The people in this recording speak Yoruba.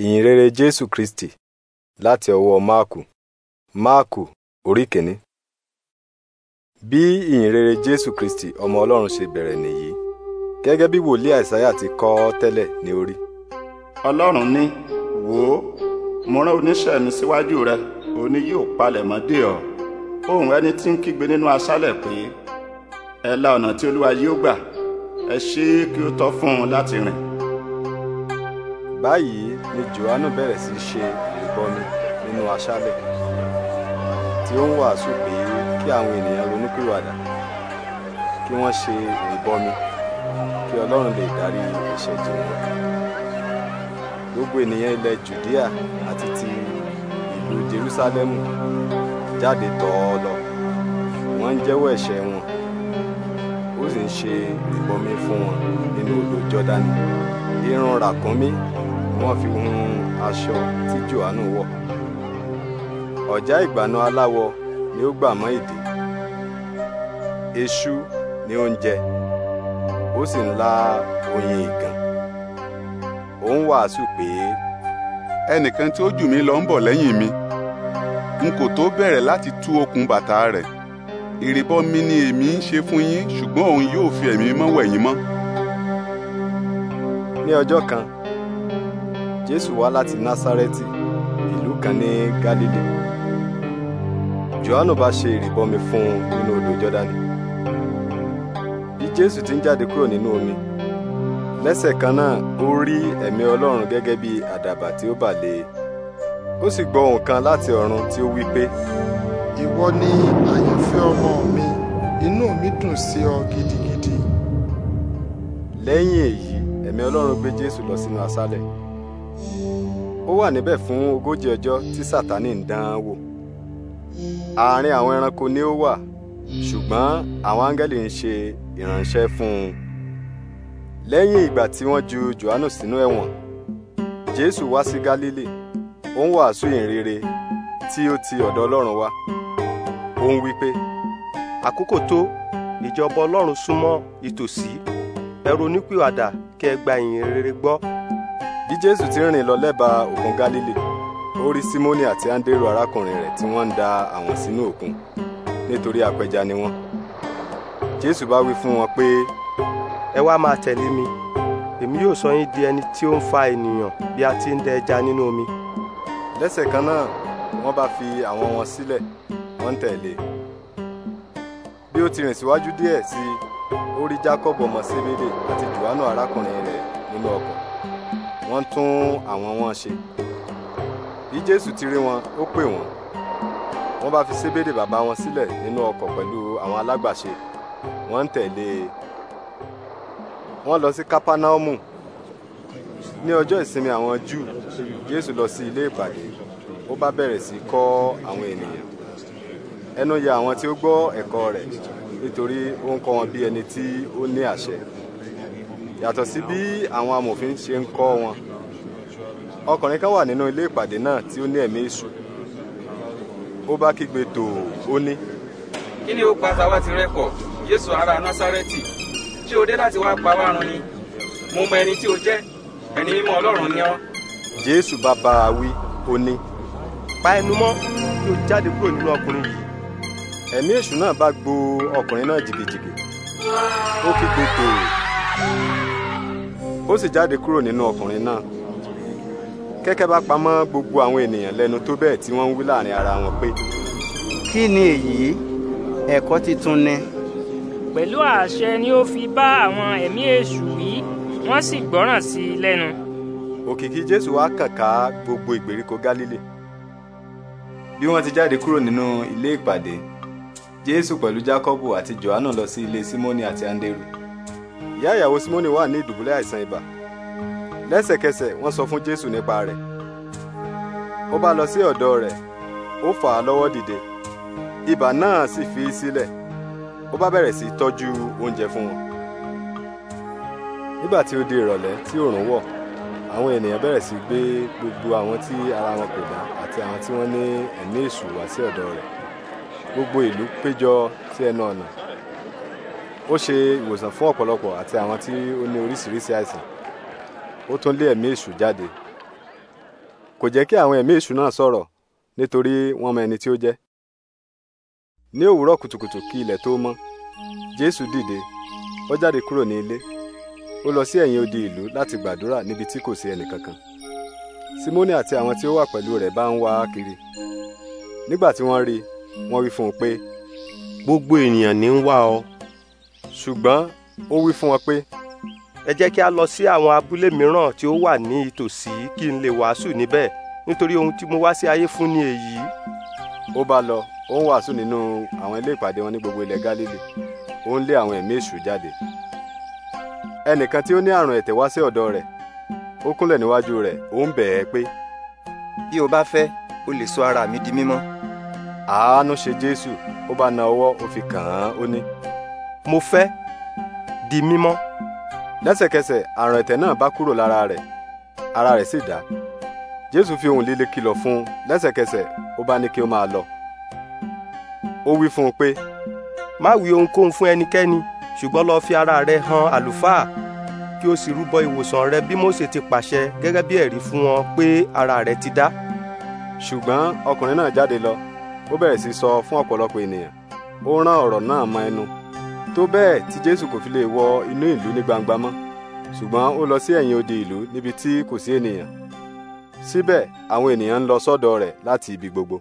ìyìnrere jésù kristi láti ọwọ́ máàkù máàkù orí kìíní. bí ìyìnrere jésù kristi ọmọ ọlọ́run ṣe bẹ̀rẹ̀ nìyí gẹ́gẹ́ bí wòlíì àìsáyà ti kọ ọ́ tẹ́lẹ̀ ní orí. ọlọ́run ní wò ó mo rán oníṣẹ́ mi síwájú rẹ òun ni yóò palẹ̀mọ́ dè ọ́ ohùn ẹni tí ń kígbe nínú aṣálẹ̀ pé ẹ la ọ̀nà tí olúwa yóò gbà ẹ ṣe é kí ó tọ́ fún un láti rìn báyìí ni johannu bẹ̀rẹ̀ sí í ṣe ìrìbọmi nínú aṣálẹ̀ tí ó ń wàásù pé kí àwọn ènìyàn ronúpìwàdà kí wọ́n ṣe ìrìbọmi kí ọlọ́run lè darí ìṣẹ́jú wọn gbogbo ènìyàn ilẹ̀ judea àti ti ìlú jerusalemu jáde tọ̀ ọ́ lọ wọ́n ń jẹ́wọ́ ẹ̀ṣẹ̀ wọn ó sì ń ṣe ìrìbọmi fún wọn nínú odò jọdani irun wọ́n fi hun aṣọ tí Jòhánù wọ̀ ọ̀já ìgbànú aláwọ̀ ni ó gbà mọ́ ìdè eṣú ni ó ń jẹ ó sì ń la oyin ìgàn ó ń wàásù pé. ẹnìkan tí ó jù mí lọ ń bọ̀ lẹ́yìn mi n kò tó bẹ̀rẹ̀ láti tú okùn bàtà rẹ̀ ìrìbọmi ni èmi ń ṣe fún yín ṣùgbọ́n òun yóò fi ẹ̀mí mímọ́ wẹ̀ mọ́. ní ọjọ́ kan jésù wá láti násárẹ́tì ìlú kan ní galili johannu bá ṣe ìrìbọmi fún un nínú odò jọdani bí jésù ti ń jáde kúrò nínú omi lẹ́sẹ̀ kan náà ó rí ẹ̀mí ọlọ́run gẹ́gẹ́ bí àdàbà tí ó bà lé e ó sì gbọ́ ohùn kan láti ọ̀run tí ó wí pé. ìwọ ni àyànfẹ́ ọmọ mi inú mi dùn sí ọ gidigidi. lẹ́yìn èyí ẹ̀mí ọlọ́run gbé jésù lọ sínú aṣálẹ̀ ó wà níbẹ̀ fún ogójì ọjọ́ tí sátani ń dán án wò àárín àwọn ẹranko ni ó wà ṣùgbọ́n àwọn áńgẹ́lì ń ṣe ìránṣẹ́ fún un lẹ́yìn ìgbà tí wọ́n ju johannu sínú ẹ̀wọ̀n jésù wá sí galili ó ń wàásù ìhìnrere tí ó ti ọ̀dọ̀ ọlọ́run wá ó ń wí pé. àkókò tó ìjọba ọlọ́run súnmọ́ ìtòsí ẹ ronúpìwàdà kí ẹ gba ìhìnrere gbọ́ bí jésù ti rìn lọ lẹ́bàá òkun galilei ó rí simoni àti andérù arákùnrin rẹ̀ tí wọ́n ń da àwọn sínú òkun nítorí apẹja ni wọ́n jésù bá wí fún wọn pé. ẹ wá máa tẹ̀lé mi èmi yóò sọ yín di ẹni tí ó ń fa ènìyàn bí a ti ń dẹ ẹja nínú omi. lẹ́sẹ̀ kan náà wọ́n bá fi àwọn wọn sílẹ̀ wọ́n ń tẹ̀lé e. bí ó ti rìn síwájú díẹ̀ sí i ó rí jákọ́bù ọmọ sébédè àti jòhánù arákùnrin rẹ̀ nínú ọkọ̀ wọ́n tún àwọn wọn ṣe bí jésù ti rí wọn ó pè wọ́n wọ́n bá fi sébédè bàbá wọn sílẹ̀ nínú ọkọ̀ pẹ̀lú àwọn alágbàṣe wọ́n ń tẹ̀lé e wọ́n lọ sí kápánáọ́mù ní ọjọ́ ìsinmi àwọn júù jésù lọ sí ilé ìpàdé ó bá bẹ̀rẹ̀ sí kọ́ àwọn ènìyàn ẹnu ya àwọn tí ó gbọ́ ẹ̀kọ́ rẹ̀ nítorí ó ń kọ́ wọn bí ẹni tí ó ní àṣẹ yàtọ̀ sí bí àwọn amòfin ṣe ń kọ́ wọn ọkùnrin kan wà nínú ilé ìpàdé náà tí ó ní ẹ̀mí èṣù ó bá kígbe tòò ó ní. kí ni ó pa tàwa ti rẹ pọ̀ Jésù ará Násárẹ́tì ṣé o dé láti wá pa wá run ni mo mọ ẹni tí o jẹ́ ẹni mímọ́ Ọlọ́run ni ọ́. Jésù bá bá a wí ó ní. pa ẹnu mọ́ kí o jáde kúrò nínú ọkùnrin yìí. ẹ̀mí èṣù náà bá gbo ọkùnrin náà jìgìjìgì ó kígbe tòò ó sì jáde kúrò nínú ọkùnrin náà kẹ́kẹ́ bá pamọ́ gbogbo àwọn ènìyàn lẹ́nu tó bẹ́ẹ̀ tí wọ́n ń wí láàrin ara wọn pé. kí ni èyí ẹ̀kọ́ titun ni. pẹ̀lú àṣẹ ni ó fi bá àwọn ẹ̀mí èṣù wí wọ́n sì gbọ́ràn sí i lẹ́nu. òkìkí jésù wá kàn ká gbogbo ìgbèríko gálílì bí wọ́n ti jáde kúrò nínú ilé ìpàdé jésù pẹ̀lú jákọ́bù àti jòhánù lọ sí ilé símónì àti áńdérù ìyá ìyàwó simoni wà ní ìdùbúlẹ̀ àìsàn ibà lẹ́sẹ̀kẹsẹ̀ wọ́n sọ fún jésù nípa rẹ̀ ó bá lọ sí ọ̀dọ̀ rẹ̀ ó fà á lọ́wọ́ dìde ibà náà sì fi í sílẹ̀ ó bá bẹ̀rẹ̀ sí í tọ́jú oúnjẹ fún wọn nígbà tí ó di ìrọ̀lẹ́ tí òòrùn wọ̀ àwọn ènìyàn bẹ̀rẹ̀ sí gbé gbogbo àwọn tí ara wọn kò dá àti àwọn tí wọ́n ní ẹ̀mí èṣù wá sí ọ̀dọ̀ rẹ̀ gbogbo ìlú péjọ sí ẹnu ọ̀nà ó ṣe ìwòsàn fún ọ̀pọ̀lọpọ̀ àti àwọn tí ó ní oríṣiríṣi àìsàn ó tún lé ẹ̀mí èṣù jáde kò jẹ́ kí àwọn ẹ̀mí èṣù náà sọ̀rọ̀ nítorí wọ́n mọ ẹni tí ó jẹ́ ní òwúrọ̀ kùtùkùtù kí ilẹ̀ tó mọ́ jésù dìde ó jáde kúrò ní ilé ó lọ sí ẹ̀yìn odi ìlú láti gbàdúrà níbi tí kò sí ẹnìkankan simoni àti àwọn tí ó wà pẹ̀lú rẹ̀ bá ń wá a kiri nígbà tí wọ́n rí i wọ́n wí fún un pé. gbogbo ènìyàn ní ń wá ọ ṣùgbọ́n ó wí fún wọn pé ẹ jẹ́ kí a lọ sí àwọn abúlé mìíràn tí ó wà ní ìtòsí kí n lè wàásù níbẹ̀ nítorí ohun tí mo wá sí ayé fún ni èyí. ó bá lọ ó ń wàásù nínú àwọn ilé ìpàdé wọn ní gbogbo ilẹ̀ Gálílì ó ń lé àwọn ẹ̀mí èṣù jáde. ẹnìkan tí ó ní àrùn ẹ̀tẹ̀ wá sí ọ̀dọ̀ rẹ̀ ó kúnlẹ̀ níwájú rẹ̀ ó ń bẹ̀ ẹ́ pé. bí o bá fẹ́ o lè sọ ara mi di mímọ́. àánú ṣe Jésù ó bá na ọwọ́ ó fi kàn án ó ní mo fẹ́ di mímọ́ lẹ́sẹ̀kẹsẹ̀ àrùn ẹ̀tẹ̀ náà bá kúrò lára rẹ̀ ara rẹ̀ sì dá jésù fi ohùn líle kìlọ̀ fún un lẹ́sẹ̀kẹsẹ̀ ó bá ní kí ó máa lọ ó wí fún un pé má wí ohunkóhun fún ẹnikẹ́ni ṣùgbọ́n lọ fi ara rẹ hàn àlùfáà kí o sì rúbọ ìwòsàn rẹ bí Mósè ti pàṣẹ gẹ́gẹ́ bí ẹ̀rí fún wọn pé ara rẹ ti dá ṣùgbọ́n ọkùnrin náà jáde lọ ó bẹ̀rẹ̀ sí sọ fún ọ̀pọ̀lọpọ̀ ènìyàn ó rán ọ̀rọ̀ náà mọ́ ẹnu tó bẹ́ẹ̀ tí jésù kò fi lè wọ inú ìlú ní gbangba mọ́ ṣùgbọ́n ó lọ sí ẹ̀yìn odi ìlú níbi tí kò sí ènìyàn síbẹ̀ àwọn ènìyàn ń lọ sọ́dọ̀ rẹ̀ láti ibi gbogbo.